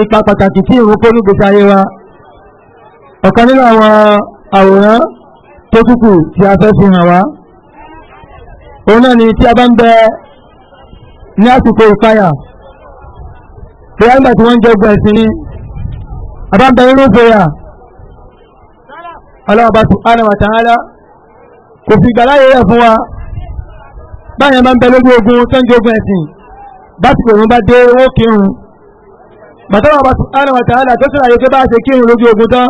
ipa pàtàkì tí ìrun kó nígbèsè ayé wa ọ̀kan nínú àwọn àwòrán tó kúkú tí a fẹ́ fi hàn wá òun náà ni tí a bá ń bẹ ní àsìkò ìpayà bóyá nígbà tí wọ́n ń jẹ́ ogun ẹ̀sìn ni a bá ń bẹ nínú ìfòyà aláwọ̀bá subhanahu wa ta'ala kò fi ìgbà láyé rẹ̀ fún wa báyẹn bá ń bẹ lójú ogun tó ń jẹ́ ogun ẹ̀sìn bá ti kò wọ́n bá dé owó kírun bàtàwọn ọba subhanahu wa ta'ala tó sọ̀rọ̀ àyèké bá a ṣe kírun lójú ogun tán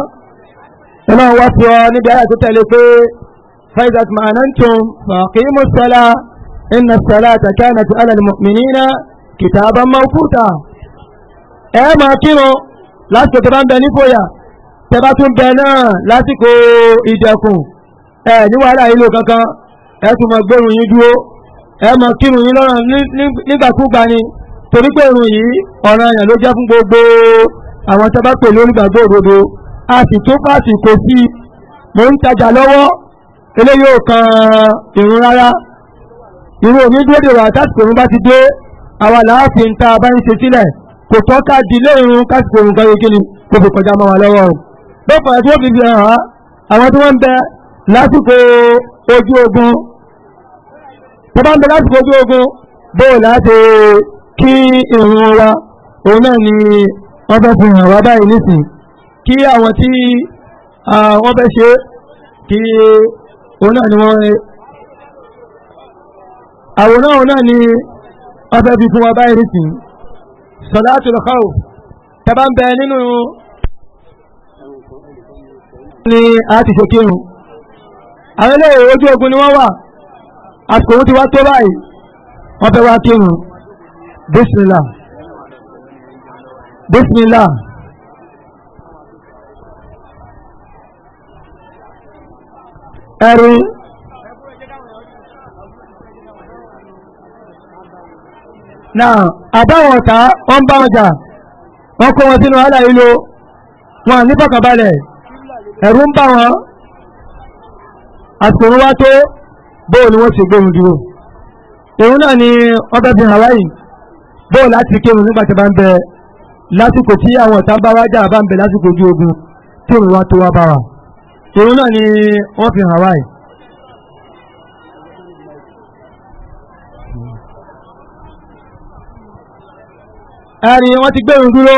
ọlọ́run wá sọ níbi ayé àti tẹ̀lé pé faizat ma'anantum faqimu sala inna salata kanat ala al-mu'minina kitaban mawquta ẹ máa kírun lásìkò tó bá ń bẹ nífòyà tẹ bá tún bẹ náà lásìkò ìdẹkùn ẹ ní wàhálà ìlú kankan ẹ tún máa gbẹrun yín dúró ẹ máa kírun yín lọ́rùn nígbàkúgbà ni torí pé irun yìí ọ̀ràn yẹn ló jẹ́ fún gbogbo àwọn tí a bá pè lórí gbàgbọ́ òdodo a sì tó fàṣì kò sí mò ń tajà lọ́wọ́ eléyìí ò kan irun rárá irun òní dúró dèrò àtàkùn òun bá ti dé àwa làáfin tá a bá ń ṣe sílẹ̀ kò tọ́ ká dilé irun kásìkò òun kan yege ni kò fi kọjá mọ́ wa lọ́wọ́ o lọ́pọ̀ ẹ̀ tí wọ́n fi fi hàn án àwọn tí wọ́n ń bẹ lásìkò ojú ogun tó bá bẹ lásìkò ojú ogun bóòlù á kí ìrun wa òun náà ni wọ́n fẹ́ fi hàn wá báyìí nísìn kí àwọn tí wọ́n fẹ́ ṣe kí òun náà ni wọ́n àwòrán òun náà ni wọ́n fẹ́ fi fún wa báyìí nísìn salatul khawf tẹ́bá ń bẹ nínú ni a ti ṣe kírun àwọn eléyìí ojú ogun ni wọ́n wà àsìkò òun ti wá tó báyìí wọ́n fẹ́ wá kírun bísmìlá bísmìlá. ẹ̀rín náà àbáwọn ọ̀tá wọ́n ń bá wọn jà wọ́n kó wọn sínú wàhálà yìí lo wọn ní fọkànbalẹ̀ ẹ̀rù ń bá wọn àsìkò wá tó bóòlù wọn sì gbóhùn dúró òun náà ni wọ́n fẹ́ fi hàn bóò láti kírun nígbà tí a bá ń bẹ lásìkò tí àwọn ọ̀tá bá wájà bá ń bẹ lásìkò ojú ogun tí òun wá tó wá bá wa irun náà ni wọ́n fi hàn wáyé. ẹni wọ́n ti gbé irun dúró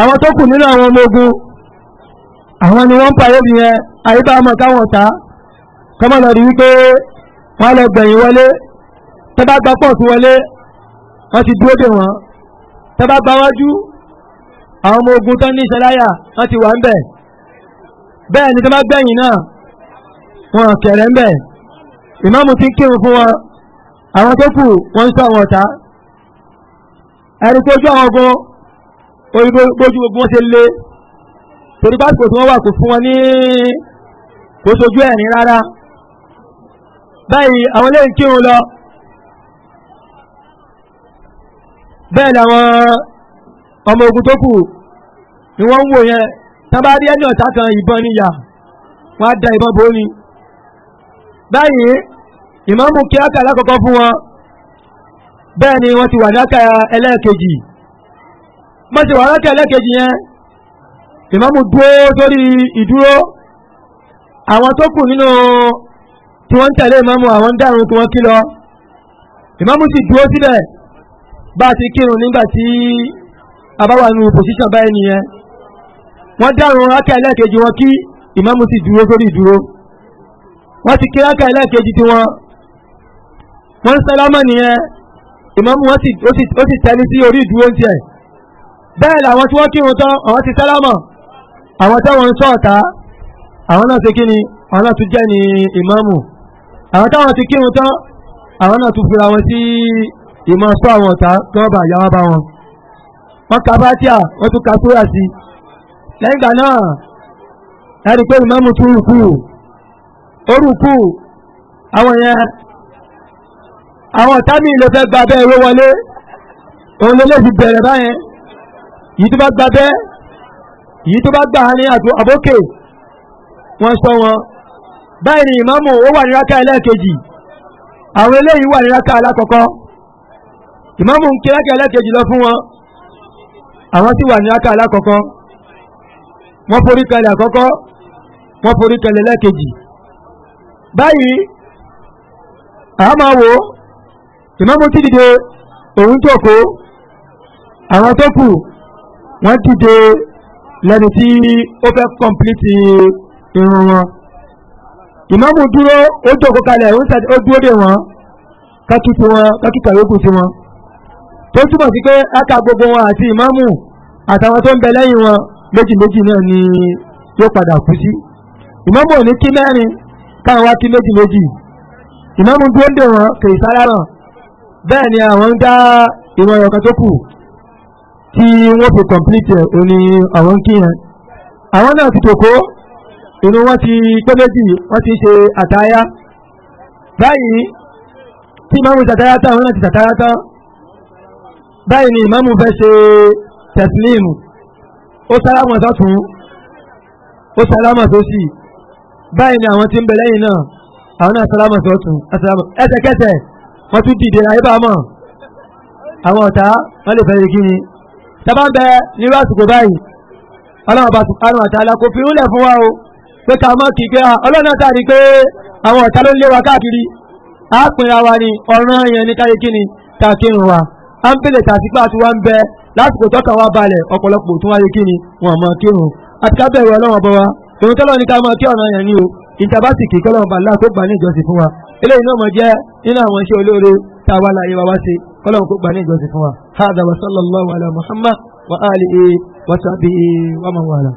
àwọn tó kù nínú àwọn ọmọ ogun àwọn ni wọ́n ń parí obìnrin yẹn àyíká ọmọ káwọn ọ̀tá kọ́mọ́ wípé wọ́n lọ gbẹ̀yìn wọlé tó gbapọ̀ sí wọlé wọ́n ti dúró dè wọ́n tẹ́bá gbáwájú àwọn ọmọ ogun tó ní ìṣẹ̀láyà wọ́n ti wà ń bẹ̀ bẹ́ẹ̀ ni tẹ́bá gbẹ̀yìn náà wọ́n kẹ̀rẹ̀ ń bẹ̀ ìmáàmù ti ń kírun fún wọn àwọn tó kù wọ́n ń sọ àwọn ọ̀tá ẹni tó ojú àwọn ogun oyinbo gbójú gbogbo wọn ṣe lé torí pásítọ̀ tí wọ́n wà kò fún wọn ní kò sojú ẹ̀rín rárá báyìí àwọn lè ń kírun lọ. bẹ́ẹ̀ làwọn ọmọ ogun tó kù ni wọ́n ń wò yẹn tábà rí ẹni ọ̀tá kan ìbọn níyà wọ́n á da ìbọn bò ni. báyìí ìmáàmù kí ákà lákọ̀ọ́kọ́ fún wọn bẹ́ẹ̀ ni wọ́n ti wà lákà ẹlẹ́ẹ̀kejì wọ́n ti wà lákà ẹlẹ́ẹ̀kejì yẹn ìmáàmù dúró sórí ìdúró àwọn tó kù nínú tí wọ́n ń tẹ̀lé ìmáàmù àwọn ń tí wọ́n kí lọ ìmáàmù sì dúró síbẹ̀ bá a ti kírun nígbà tí a bá wà nínú pòṣíṣàn báyìí nìyẹn wọ́n dárun rákà ẹlẹ́ẹ̀kejì wọn kí ìmáàmù sì dúró sórí ìdúró wọ́n ti kí rákà ẹlẹ́ẹ̀kejì tiwọn wọ́n ń sálámà nìyẹn ìmáàmù wọn ó sì tẹ́lí sí orí ìdúró ń tiẹ̀ bẹ́ẹ̀ làwọn tí wọ́n kírun tán àwọn ti sálámà àwọn táwọn ń sọ̀ọ̀tá àwọn náà ti kí ni àwọn náà tún jẹ́ ni ìmáàmù àwọn táwọn ti kírun tán àwọn náà tún fura wọn sí ìmọ̀ sọ àwọn ọ̀tá kí wọ́n bá yáwá bá wọn. wọ́n ka bátíà wọ́n tún ka sóra sí i. lẹ́yìn ìgbà náà ẹni pé ìmọ̀mù tún rùkú orùkú àwọn yẹn àwọn ọ̀tá mi lè fẹ́ gba bẹ́ẹ̀ wọ́n wọlé òun ló lè fi bẹ̀rẹ̀ báyẹn yìí tó bá gba bẹ́ẹ̀ yìí tó bá gbà á ní àbókè wọ́n sọ wọn báyìí ni ìmọ̀mù ó wà ní rákà ẹlẹ́ẹ̀kejì àwọn eléyìí wà ní rákà alákọ̀ọ́kọ́ ìmáàmù ń kí rákà ẹlẹ́kejì lọ fún wọn àwọn sì wà ní rákà alákọ̀ọ́kọ́ wọ́n forí kalẹ̀ àkọ́kọ́ wọ́n forí kalẹ̀ ẹlẹ́kejì báyìí àwọn máa wò ìmáàmù ti dìde òun tó kó àwọn tó kù wọ́n dìde lẹ́ni tí ó fẹ́ kọ́mplítì irun wọn ìmáàmù dúró ó jókòó kalẹ̀ ó dúró dè wọ́n kákìtì wọn kákìtì àyókù sí wọn tó túbọ̀ sí pé ẹ̀ka gbogbo wọn àti ìmáàmù àtàwọn tó ń bẹ lẹ́yìn wọn méjì méjì náà ni yóò padà kú sí ìmáàmù ò ní kí mẹ́rin káwọn wá kí méjì méjì ìmáàmù dúró ń dè wọn kèrè sára náà bẹ́ẹ̀ ni àwọn ń dá ìwọ̀n ẹ̀yọ̀ kan tó kù tí wọ́n fi kọ̀m̀pìlìtì ẹ̀ òní àwọn ń kí yẹn àwọn náà ti tòkó inú wọn ti pé méjì wọn ti ṣe àtayá báyìí tí ìmáàmù ṣàtayá tán náà ti ṣàtayá tán báyìí ni ìmáàmù fẹ́ ṣe tẹ̀sílíìmù ó sálámà sọ́tún ó sálámà sósì báyìí ni àwọn tí ń bẹ lẹ́yìn náà àwọn náà sálámà sọ́tún ẹsẹ̀kẹsẹ̀ wọ́n tún dìde láyé bá mọ̀ àwọn ọ̀tá wọ́n lè fẹ́ẹ́ kí ni sábà ń bẹ nírú àsìkò báyìí ọlọ́run bá sùpárùn àtàlà kò fi rúlẹ̀ fún wa o pé ká mọ́ kí pé ah, ọlọ́run náà ni pé àwọn ọ̀tá ló à ń bèlè tàbí pé àti wá ń bẹ lásìkò tọ́ka wá balẹ̀ ọ̀pọ̀lọpọ̀ tó wáyé kí ni wọn àmọ́ kírun àti ká bẹ̀rù ọlọ́run bọ́ wa òun tọ́lọ́ ní ká máa kí ọ̀nà yẹn ní o ìjàbátì kì í kọ́ lọ́wọ́ bàálà tó gbà ní ìjọsìn fún wa eléyìí náà mọ̀ jẹ́ nínú àwọn iṣẹ́ olóore tá a wá láyé wa wá sí kọ́ kó gbà ní ìjọsìn fún wa. hadha wa sallallahu ala muhammad wa alihi wa sahbihi wa man wala.